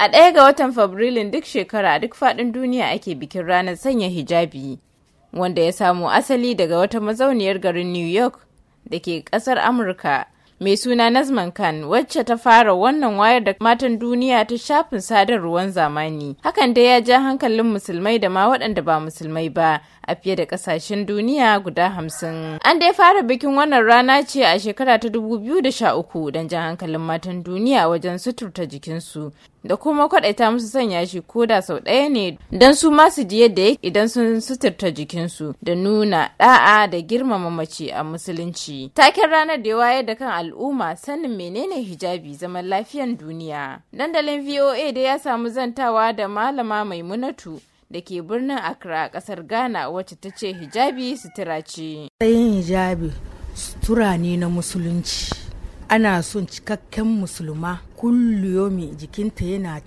A ɗaya ga watan Fabrilun duk shekara a duk faɗin duniya ake bikin ranar sanya hijabi, wanda ya samo asali daga wata mazauniyar garin New York da ke ƙasar Amurka mai suna Nazman Khan wacce ta fara wannan wayar da matan duniya ta shafin sadarwar zamani. Hakan dai ya ja hankalin musulmai da ma waɗanda ba musulmai ba a fiye da ƙasashen duniya guda hamsin. An dai fara bikin wannan rana ce a shekara ta dubu biyu da 2013 don jan hankalin matan duniya wajen suturta jikinsu. da kuma kwaɗaita musu sanya shi ko da sau ɗaya ne don su ma su ji yadda yake idan sun suturta jikinsu da nuna ɗa'a da girmama mace a musulunci. Taken ranar da ya wayar da kan al'umma sanin menene hijabi zaman lafiyan duniya. Dandalin VOA da ya samu zantawa da malama Maimunatu da ke birnin Accra a ƙasar Ghana wacce ta ce hijabi sutura ce. Yin hijabi sutura ne na musulunci. Ana son cikakken musulma kulliyomi jikinta yana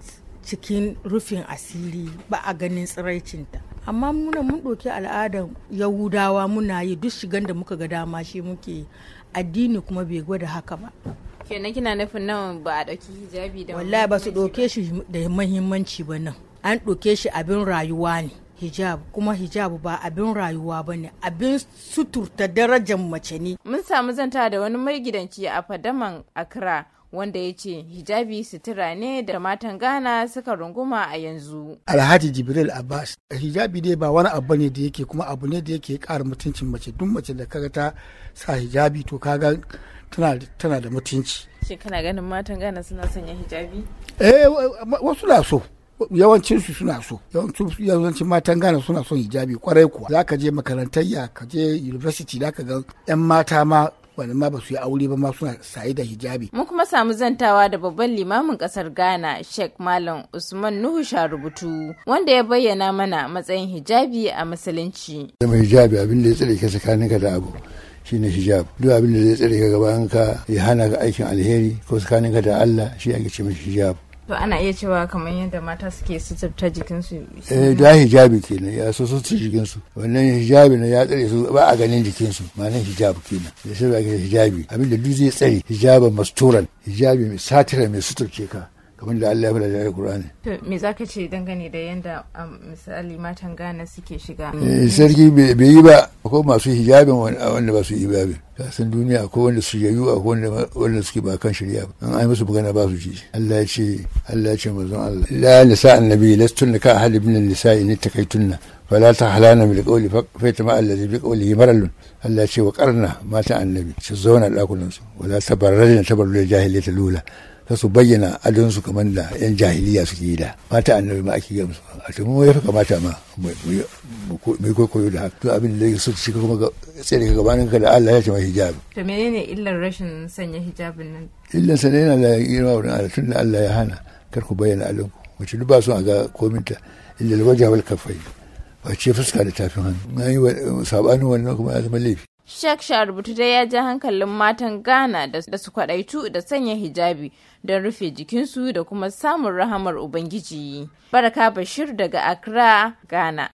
cikin rufin asiri ba a ganin tsiraicinta. amma muna mun ɗauki al'adar yahudawa muna yi duk shigan da muka ga dama shi muke addini kuma bai gwada haka ba kenan kina nufin nan ba a ɗauki hijabi da wallahi ba su ɗauke shi da muhimmanci ba nan an ɗauke shi abin rayuwa ne hijab kuma hijab ba abin rayuwa ba ne abin suturta darajar mace ne mun samu zanta da wani mai gidanci a fadaman akra wanda ya ce hijabi sutura ne da matan Ghana suka runguma a yanzu. Alhaji Jibril Abbas hijabi dai ba wani abu ne da yake kuma abu ne da yake kara mutuncin mace duk mace da kaga ta sa hijabi to kaga tana da mutunci. shi kana ganin matan Ghana suna sanya hijabi? Eh wasu na so. yawancinsu suna so yawancin matan Ghana suna son hijabi kwarai kuwa za ka je makarantayya ka je university za ka ga 'yan mata ma wanda ma ba su yi aure ba ma suna saye da hijabi. Mun kuma samu zantawa da babban limamin kasar Ghana Sheikh Malam Usman Nuhu Sharubutu wanda ya bayyana mana matsayin hijabi a musulunci. Zama hijabi abin da ya tsare ka tsakaninka da abu. shine hijab duk abin da zai tsare ka gaban ka ya hana ka aikin alheri ko tsakaninka da Allah shi ake ce mishi hijab to ana iya cewa kamar yadda mata suke suturta jikinsu eh da hijabi kenan ya so suturta jikinsu wannan hijabi na ya tsare su ba a ganin jikinsu ma'anar hijabi kenan da shi ba hijabi abin da duk zai tsare hijabin masturan hijabi mai satira mai suturce ka kamar da Allah ya fada da Qur'ani to me ka ce dangane da yanda um, misali matan Ghana suke shiga eh, sarki bai yi ba Ko masu hijabin wanda ba su yi hijabin san duniya ko wanda su yayu a wanda wanda suke ba kan shari'a ba an ai musu magana ba su ji Allah ya ce Allah ya ce manzon Allah la nisa annabi lastunna ka ahli min an-nisa in takaitunna فلا تحلان بالقول فيتما الذي بقوله مرل الله شيء annabi مات zauna شزونا الاكل wala تبرجنا تبرج الجاهليه lula. sai su bayyana adonsu kamar da yan jahiliya suke yi da mata annabi ma ake gamsu a ce ya fi kamata ma mai kwaikwayo da haka to abin da su shi kuma sai daga gabanin ka da Allah ya ce mai hijab. to menene illar rashin sanya hijabin nan illar sa yana da girma wurin Allah da Allah ya hana kar ku bayyana alinku mace duk ba su a ga kominta illar wajen wal kafai ba ce fuska da tafin hannu na yi sabanin wannan kuma ya zama laifi Sheikh Sharbutu dai ya ji hankalin matan Ghana da su kwadaitu da sanya hijabi don rufe jikinsu da kuma samun rahamar Ubangiji. Baraka Bashir daga Accra, Ghana.